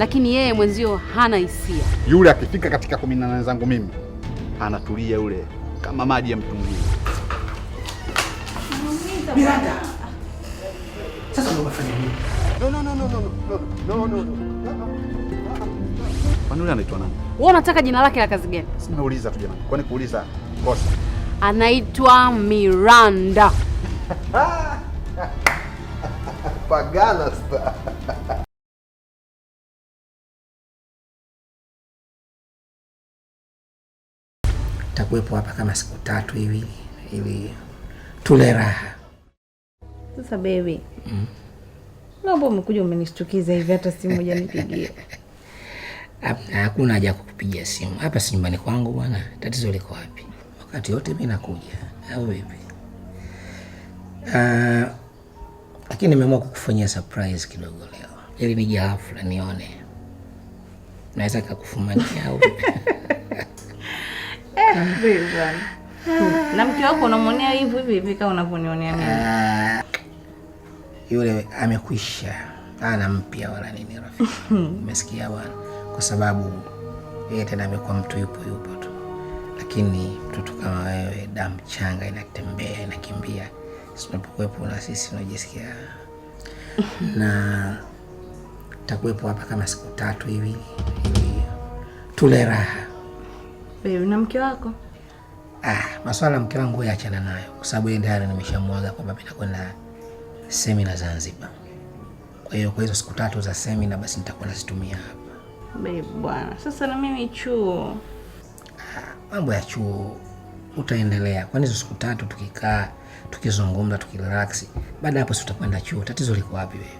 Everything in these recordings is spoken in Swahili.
lakini yeye mwenzio hana hisia. Yule akifika katika kuminana zangu mimi anatulia yule kama maji ya mtungi. Miranda, sasa ndio unafanya nini? No, no, no, no, no, no, no, no. Anaitwa nani? Wewe unataka jina lake la kazi gani? Si Simeuliza tu jamani, kwani kuuliza kosa? Anaitwa Miranda. Pagana star. nitakuwepo hapa kama siku tatu hivi ili tule raha. Sasa baby, mm. naomba umekuja umenishtukiza hivi, hata simu moja nipigie. Hakuna haja kukupigia simu hapa, si nyumbani kwangu bwana. Tatizo liko wapi? Wakati yote mimi nakuja, au vipi? Uh, lakini nimeamua kukufanyia surprise kidogo leo, ili nija hafla nione naweza kakufumania au na mke wako unamwonea hivi hivi hivi kama unavyonionea mimi. Ah, yule amekwisha, ana mpya wala nini rafiki. Umesikia bwana, kwa sababu yeye tena amekuwa mtu yupo yupo tu, lakini mtoto kama wewe, damu changa inatembea inakimbia, tunapokuwepo na sisi unajisikia na takuwepo hapa kama siku tatu hivi hivi tule raha wewe eh, na mke wako? Ah, maswala ya mke wangu achana nayo kwa sababu yeye ndiye nimeshamwaga kwamba mimi nakwenda semina Zanzibar. Kwa hiyo kwa hizo siku tatu za semina basi nitakuwa nazitumia hapa. Baby bwana, sasa na mimi chuo. Ah, mambo ya chuo utaendelea. Kwani hizo siku tatu tukikaa, tukizungumza, tukirelax, baada ya hapo si utakwenda chuo. Tatizo liko wapi wewe?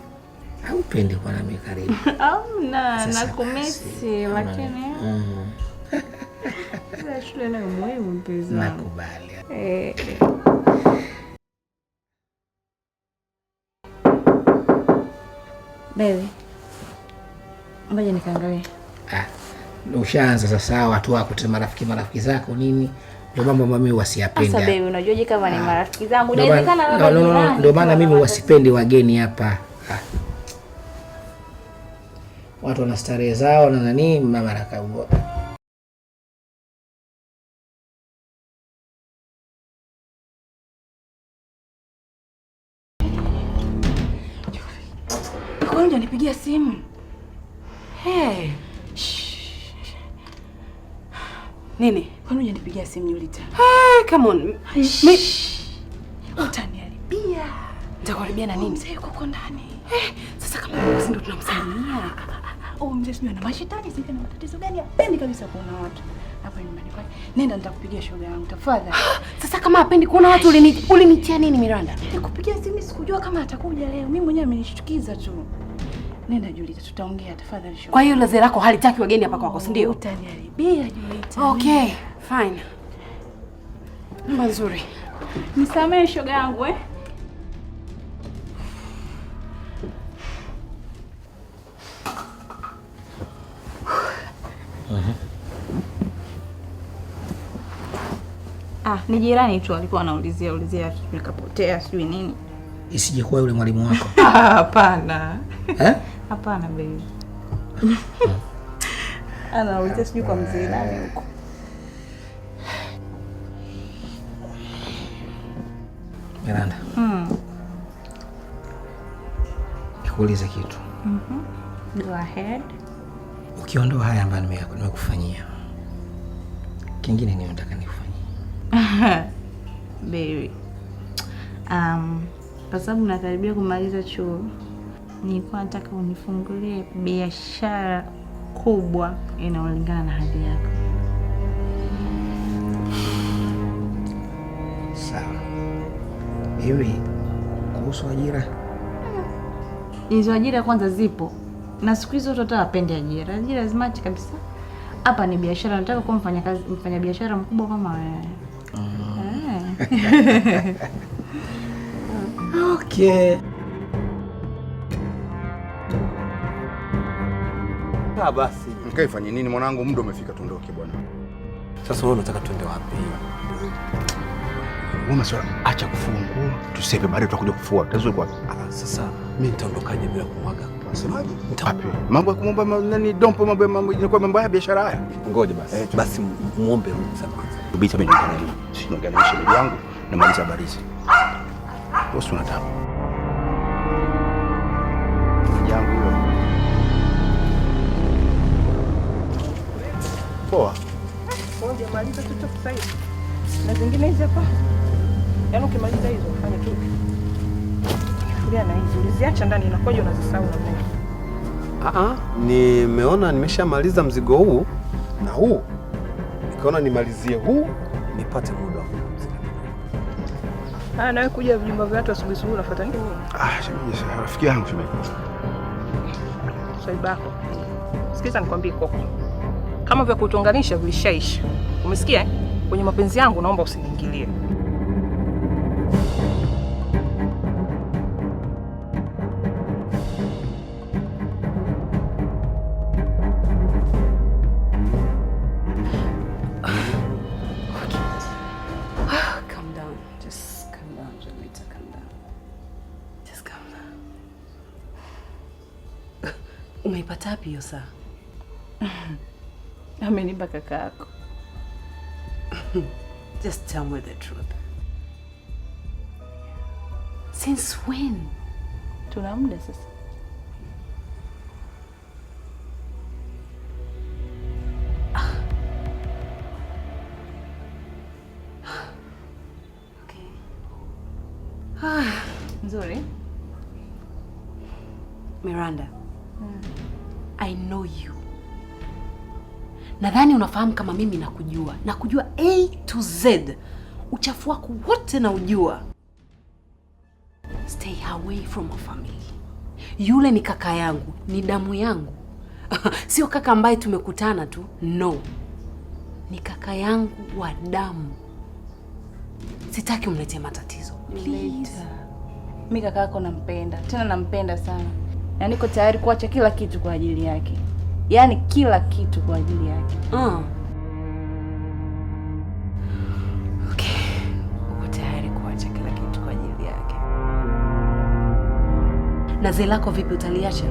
Haupendi kuwa nami karibu. Amna, nakumisi lakini. Mm shule nayo muhimu, mpenzi wangu. Nakubali. Eh. Ngoja nikaangalie. Ah. Ushaanza sasa watu wako tena marafiki marafiki zako nini? Ndio mambo ambayo mimi wasiyapenda. Sasa unajuaje kama ni ah. marafiki zangu? Inawezekana No, no, no, ndio maana mimi wasipendi wageni hapa. Ah. Watu wana starehe zao na nani mama rakabu. kupiga simu hey. Nini? Kwani hujanipigia simu Julita? Hey, come on. Me... Utaniharibia. Nitakuharibia na nini? Mzee yuko huko ndani. Hey, sasa kama sisi ndio tunamsalimia. Oh, mzee sio na mashitani, sio na matatizo gani? Hapendi kabisa kuona watu. Hapo nyumbani kwake. Nenda nitakupigia shoga yangu tafadhali. Ah, sasa kama hapendi kuona watu ulinitia nini Miranda? Nikupigia simu sikujua kama atakuja leo. Mimi mwenyewe amenishtukiza tu. Nenda Julita, tutaongea tafadhali. Kwa hiyo loze lako halitaki wageni hapa kwako, si ndio? Utaniharibia Julita. Okay, fine. Nyumba nzuri. Nisamehe shoga yangu eh. Ah, ni jirani tu alikuwa anaulizia ulizia nikapotea sijui nini. Isije kuwa yule mwalimu wako. Hapana. Eh? Hapana baby. Anauliza sijui kwa mzee nani huko. Miranda. Mm. Nikuulize kitu. mm Go ahead. Ukiondoa haya ambayo nimekufanyia, kingine ni nataka nikufanyia? Baby. Um, kwa sababu nakaribia kumaliza chuo nilikuwa nataka unifungulie biashara kubwa inayolingana na hadhi yako. Sawa. Hivi kuhusu ajira, hmm. hizo ajira kwanza zipo na siku hizi watu wapende ajira, ajira zimati kabisa. Hapa ni biashara, nataka kuwa kazi, mfanya biashara mkubwa kama wewe. Mm. Eh. Okay. Kaa basi. Mkae fanye nini mwanangu, muda umefika tuondoke bwana. Sasa wewe unataka tuende wapi? Wewe sio acha kufungua. Tuseme baadaye tutakuja kufua. Tazwe kwa. Ah, sasa mimi nitaondokaje bila kumwaga? Unasemaje? Wapi? Mambo ya kumomba nani dompo mambo ya mambo inakuwa mambo ya biashara haya. Ngoja basi. Eh, basi muombe Mungu sasa. kwanza. Ubita mimi ndio nani? Sinaonganisha mimi yangu na maliza barizi. Bosi unataka Poa. Ungemaliza ah, tu sasa hivi. Na zingine hizi hapa. Yaani ukimaliza hizo fanya tu. Fikiria na hizo. Uliziacha ndani inakoje unazisahau na mimi. Ah ah, nimeona nimeshamaliza mzigo huu na huu. Nikaona nimalizie huu nipate muda Ah, kuja vijumba vya watu asubuhi asubuhi unafuata nini? Ah, shemeji, rafiki yangu shemeji. Sasa ibako. Sikiza nikwambie koko kama vya kutunganisha vilishaisha. Umesikia? Eh? Kwenye mapenzi yangu naomba usiniingilie. Unaipata wapi hiyo saa? ameniba kaka yako. Just tell me the truth. Since when? Tuna muda sasa. Okay. Ah. Ah. Nzuri. Miranda. Nadhani unafahamu kama mimi nakujua, nakujua A to Z, uchafu wako wote naujua. Stay away from my family. Yule ni kaka yangu, ni damu yangu sio kaka ambaye tumekutana tu, no, ni kaka yangu wa damu. Sitaki umlete matatizo please. Mi kaka yako nampenda, tena nampenda sana, na niko tayari kuacha kila kitu kwa ajili yake yaani kila kitu kwa ajili yake. Mm. Okay. Uko tayari kuacha kila kitu kwa ajili yake? Na lako vipi, utaliacha?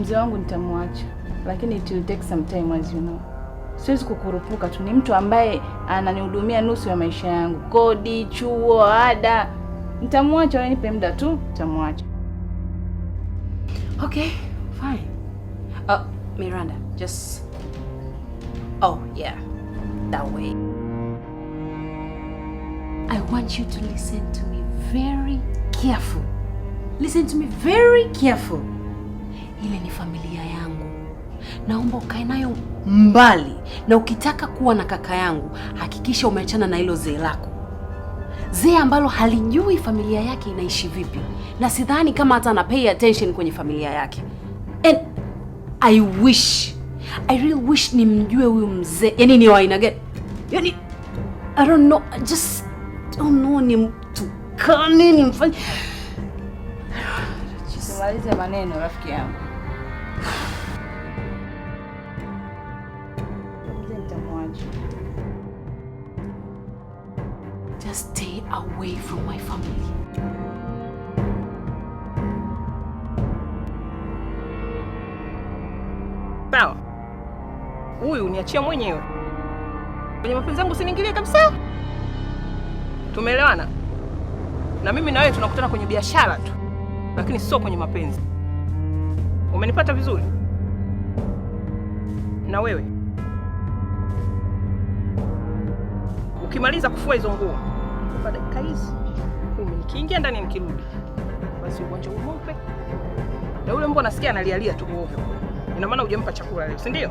Mzee wangu nitamwacha, lakini it will take some time as you know. Siwezi kukurupuka tu, ni mtu ambaye ananihudumia nusu ya maisha yangu, kodi, chuo, ada. Nitamwacha, nipe muda tu, nitamwacha. Okay. Fine. Oh, Miranda, just... Oh, yeah. That way. I want you to listen to me very careful. Listen to me very careful. Ile ni familia yangu. Naomba ukae nayo mbali, na ukitaka kuwa na kaka yangu hakikisha umeachana na hilo zee lako, zee ambalo halijui familia yake inaishi vipi, na sidhani kama hata ana pay attention kwenye familia yake. And I wish, I really wish nimjue huyu mzee. yani ni wa aina gani? I don't know, I just don't know ni mtu ni nimfanye. Tumalize maneno rafiki yangu. Just stay away from my family. Sawa, huyu niachia mwenyewe. Kwenye mapenzi yangu usiniingilie kabisa. Tumeelewana? Na mimi na wewe tunakutana kwenye biashara tu, lakini sio kwenye mapenzi. Umenipata vizuri? Na wewe ukimaliza kufua hizo nguo kwa dakika hizi kumi, nikiingia ndani nikirudi, basi uwanja umope na ule mbwa nasikia analialia tu ovyo. Ina maana hujampa chakula leo, si ndio?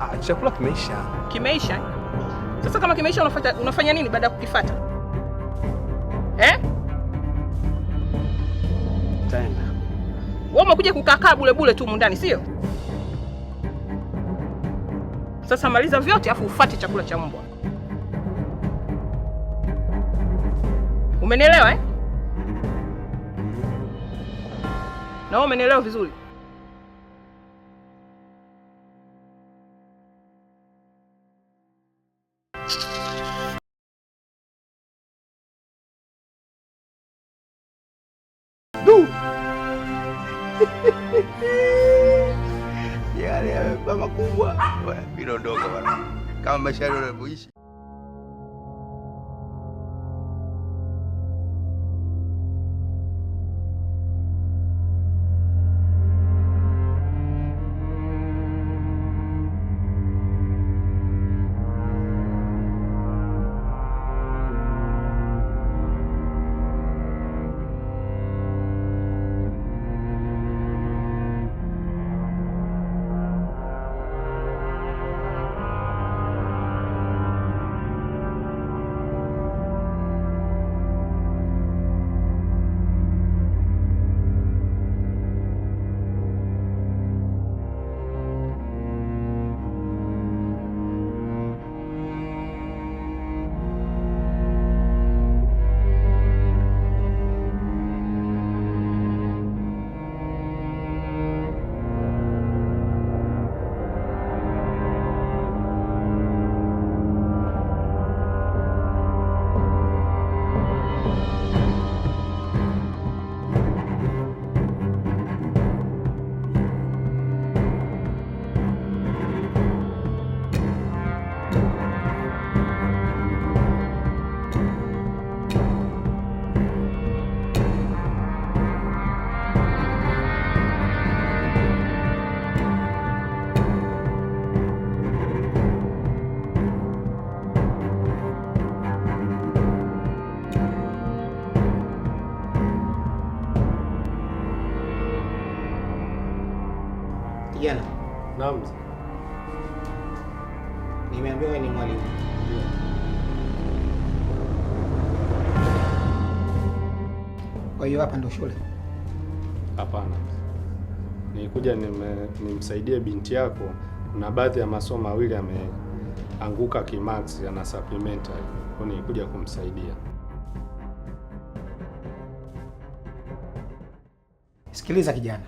Ah, chakula kimeisha. Kimeisha? Eh? Sasa kama kimeisha unafanya, unafanya nini baada ya kukifata eh? Tena wewe umekuja kukakaa bule bule tu mundani, sio? Sasa maliza vyote afu ufuate chakula cha mbwa. Umenielewa eh? Na wewe umenielewa vizuri? kubwa, ah, inaondoka bwana, kama maisha yalivyoishi hapa ndio shule? Hapana, nilikuja nimsaidie binti yako, kuna baadhi ya masomo mawili ameanguka kimax, ana supplementary, kwa nilikuja kumsaidia. Sikiliza kijana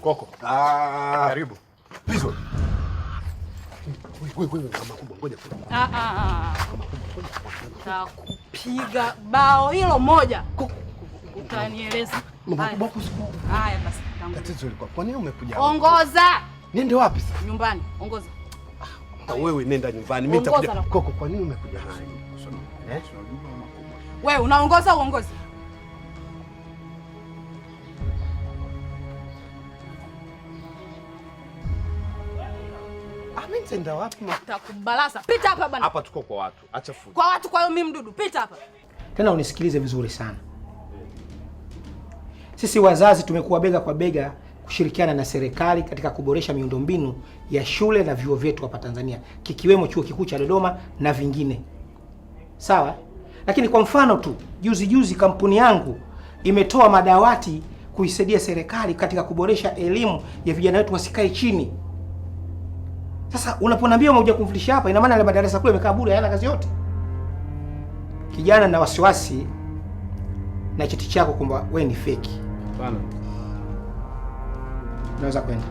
Koko. Ah. Karibu. Takupiga ah, ah, bao hilo moja. Utanieleza. Haya basi. Kwa nini umekuja? Ongoza. Niende wapi sasa? Nyumbani. Ongoza. wewe nenda nyumbani. Mimi nitakuja. Koko, kwa nini umekuja? Wewe unaongoza uongozi? Tenda wapi? Takubalaza. Pita hapa bwana. Hapa tuko kwa watu. Acha fujo. Kwa watu kwa hiyo mimi mdudu. Pita hapa. Tena unisikilize vizuri sana. Sisi wazazi tumekuwa bega kwa bega kushirikiana na serikali katika kuboresha miundombinu ya shule na vyuo vyetu hapa Tanzania, kikiwemo chuo kikuu cha Dodoma na vingine. Sawa? Lakini kwa mfano tu, juzi juzi kampuni yangu imetoa madawati kuisaidia serikali katika kuboresha elimu ya vijana wetu wasikae chini. Sasa unaponiambia umekuja kumfundisha hapa, ina maana ile madarasa kule amekaa bure, hayana kazi yote. Kijana na wasiwasi na cheti chako kwamba wewe ni feki. Hapana. Naweza kwenda.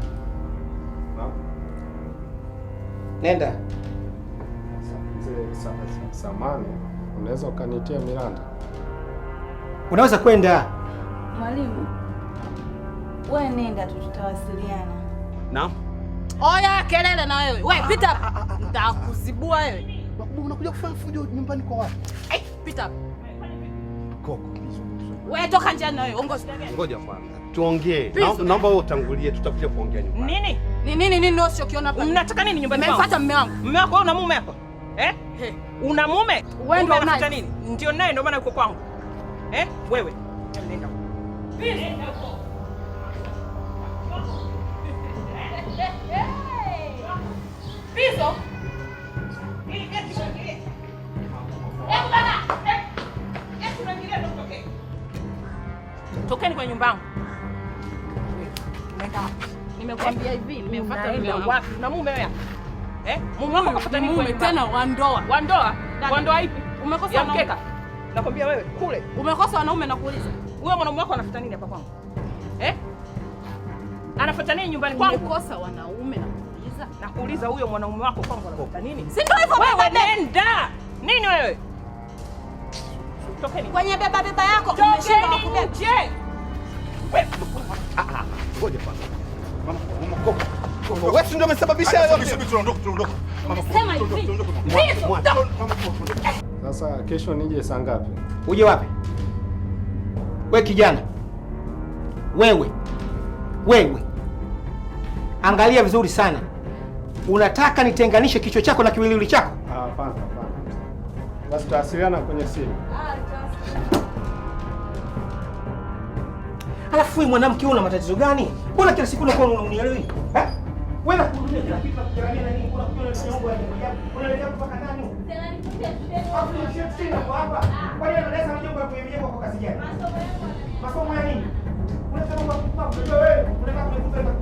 Nenda. Samani, unaweza ukanitia Miranda? Unaweza kwenda. Mwalimu, wewe nenda tu tutawasiliana. Naam. Oya kelele na wewe. Wewe pita. Ah, ah, ah, Nitakuzibua wewe. Unakuja kufanya fujo nyumbani kwa watu. Eh, pita. Koko. Wewe toka nje na wewe. Ongoza. Ngoja kwanza. Tuongee. Naomba wewe utangulie tutakuja kuongea nyumbani. Nini? Ni nini nini sio kiona hapa? Mnataka nini nyumbani? Mmefuata mume wangu. Mume wako una mume hapa? Eh? Una mume? Wewe ndio unafuata nini? Ndio naye ndio maana uko kwangu. Eh? Wewe. Nenda. Nenda. Tokeni kwa nyumbangu. Nimekuambia hivi, nimefuata wapi? Na mume wewe? Eh? Mume wako kafuata nini kwa Tena wa ndoa. Wa ndoa? Wa ndoa ipi? Umekosa mkeka. Nakwambia wewe kule. Umekosa wanaume na kuuliza. Wewe mwanaume wako anafuata nini hapa kwangu? Eh? Anafuata nini nyumbani kwangu? Kosa wanaume na kuuliza. Na kuuliza huyo mwanaume wako kwangu anafuata nini? Si ndio hivyo wewe nenda. Nini wewe? Tokeni. Kwenye beba beba yako umeshinda kubeba. Ngoja kwanza. Mama mama koka. ndio umesababisha yote. Sisi tunaondoka tunaondoka. Sasa kesho nije saa ngapi? Uje wapi? Wewe kijana. Wewe. Wewe. Angalia vizuri sana, unataka nitenganishe kichwa chako na kiwiliwili chako? Ah, hapana, hapana. Basi tutawasiliana kwenye simu. Alafu mwanamke, una matatizo gani? Mbona kila siku unakuwa unanielewi? Eh? Wewe kila kitu nini? kupaka nani? Tena nikupe Hapo hapa. kwa gani? Masomo ya nini? Unataka wewe, unataka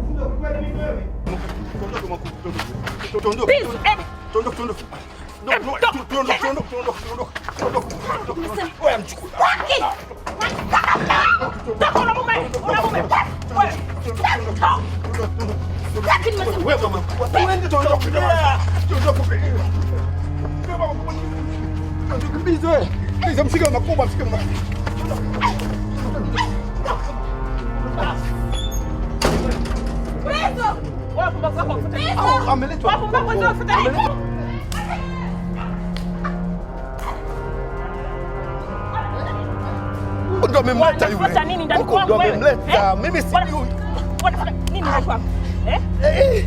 그 비즈에 이 점식을 막 꼬밥 시켜 먹어. ameletwa ndo amemleta yule nini ndani kwangu wewe? Amemleta mimi si yule. Wanafanya nini ndani kwangu? Eh? Eh?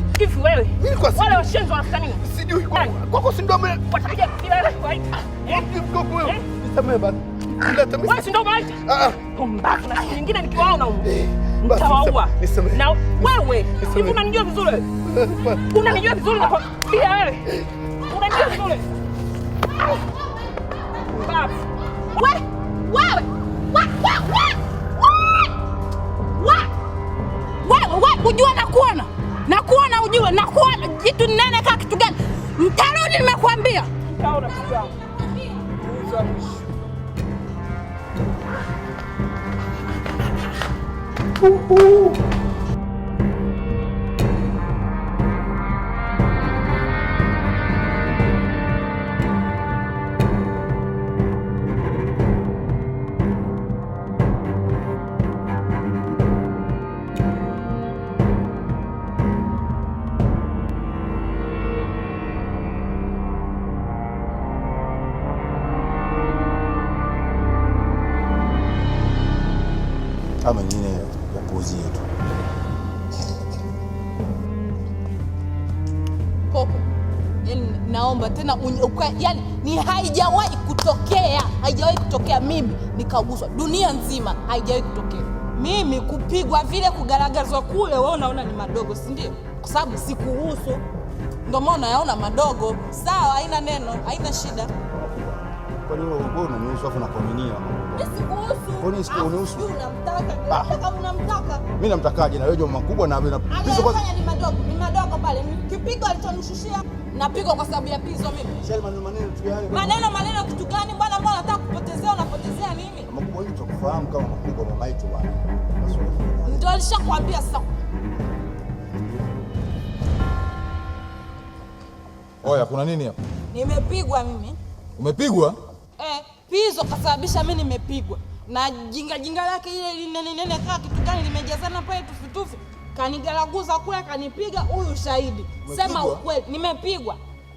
Nitawaua. Na wewe, hivi unanijua vizuri Unanijua vizuri nakwambia wewe. Unanijua vizuri. Baba. Wewe, wewe. Wewe ujue nakuona ujue na kitu nene kama kitu gani? Mtarudi nimekuambia. Nitaona 他们。na uka, yani ni haijawahi kutokea, haijawahi kutokea mimi nikaguswa, dunia nzima haijawahi kutokea mimi kupigwa vile, kugaragazwa kule. Wewe unaona ni madogo, si ndio? Kwa sababu sikuhusu, ndio maana unayaona madogo. Sawa, haina neno, haina shida. Mimi ah, ah. namtakaje? na wewe jamaa mkubwa, na ni madogo ni madogo pale, kipigwa alichonishushia napigwa kwa sababu ya pizo mimi. Maneno maneno tu yale. Maneno maneno kitu gani bwana? Mbona nataka kupotezea, unapotezea nini? kama hiyo tukufahamu Ndio alishakwambia sasa. Oya, kuna nini hapa? Nimepigwa mimi. Umepigwa? Eh, pizo kasababisha mimi nimepigwa na jinga jinga lake ile nene nene, kaa kitu gani limejazana pale tufutufu kanigaraguza kule, kanipiga. Huyu shahidi, sema ukweli, nimepigwa.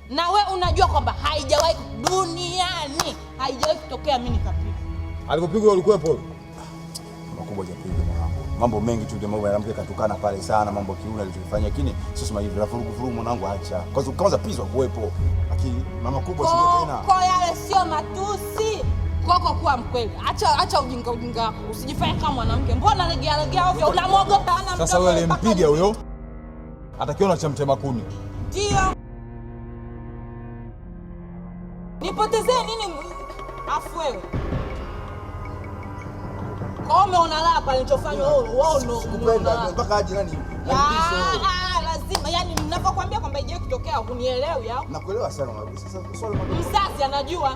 Na we unajua kwamba haijawahi duniani, haijawahi kutokea mimi nikapigwa. Alipopigwa ulikuwepo? Ah, makubwa hajapigwa mambo mengi tu, mambo mwanamke katukana pale sana, mambo kiuna alichofanya, lakini sio hivi na furugu mwanangu acha kwanza, kwanza pizwa kuwepo, lakini mama kubwa sio tena. Kwa yale sio matusi Koko, kuwa mkweli, acha acha ujinga ujinga wako, usijifanye kama mwanamke. Mbona legea legea ovyo, unamwogopa ana sasa. Wewe alimpiga huyo, atakiona cha mtema kuni. Ndio nipotezee nini? Afu wewe kome unalala pale, nilichofanywa wewe mpaka aje nani ah, ah, ah, lazima yani, ninapokuambia kwamba ijae kutokea, hunielewi au? Nakuelewa sana mabisi. Sasa swali mzazi anajua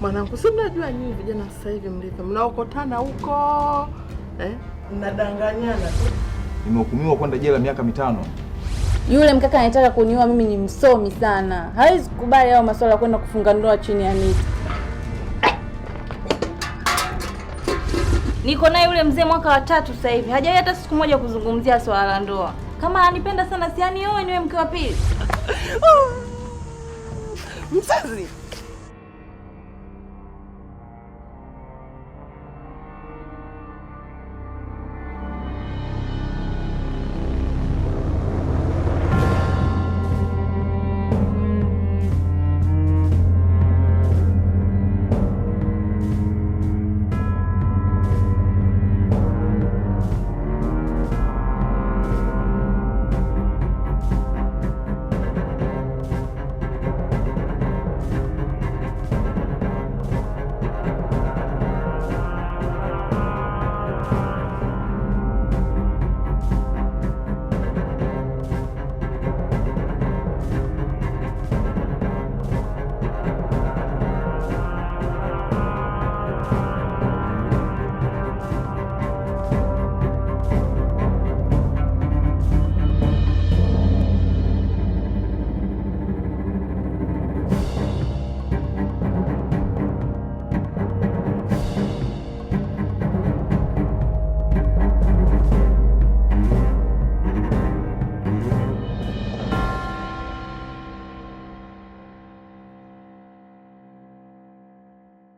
Mwanangu, si mnajua nyinyi vijana sasa hivi mlivyo, mnaokotana huko eh? Mnadanganyana tu. Nimehukumiwa kwenda jela miaka mitano. Yule mkaka anataka kuniua mimi, ni msomi sana, hawezi kukubali hayo masuala ya kwenda kufunga ndoa chini ya miti. Niko naye yule mzee mwaka wa tatu sasa hivi, hajawahi hata siku moja kuzungumzia swala la ndoa. Kama ananipenda sana, si anioe niwe mke wa pili. Mzazi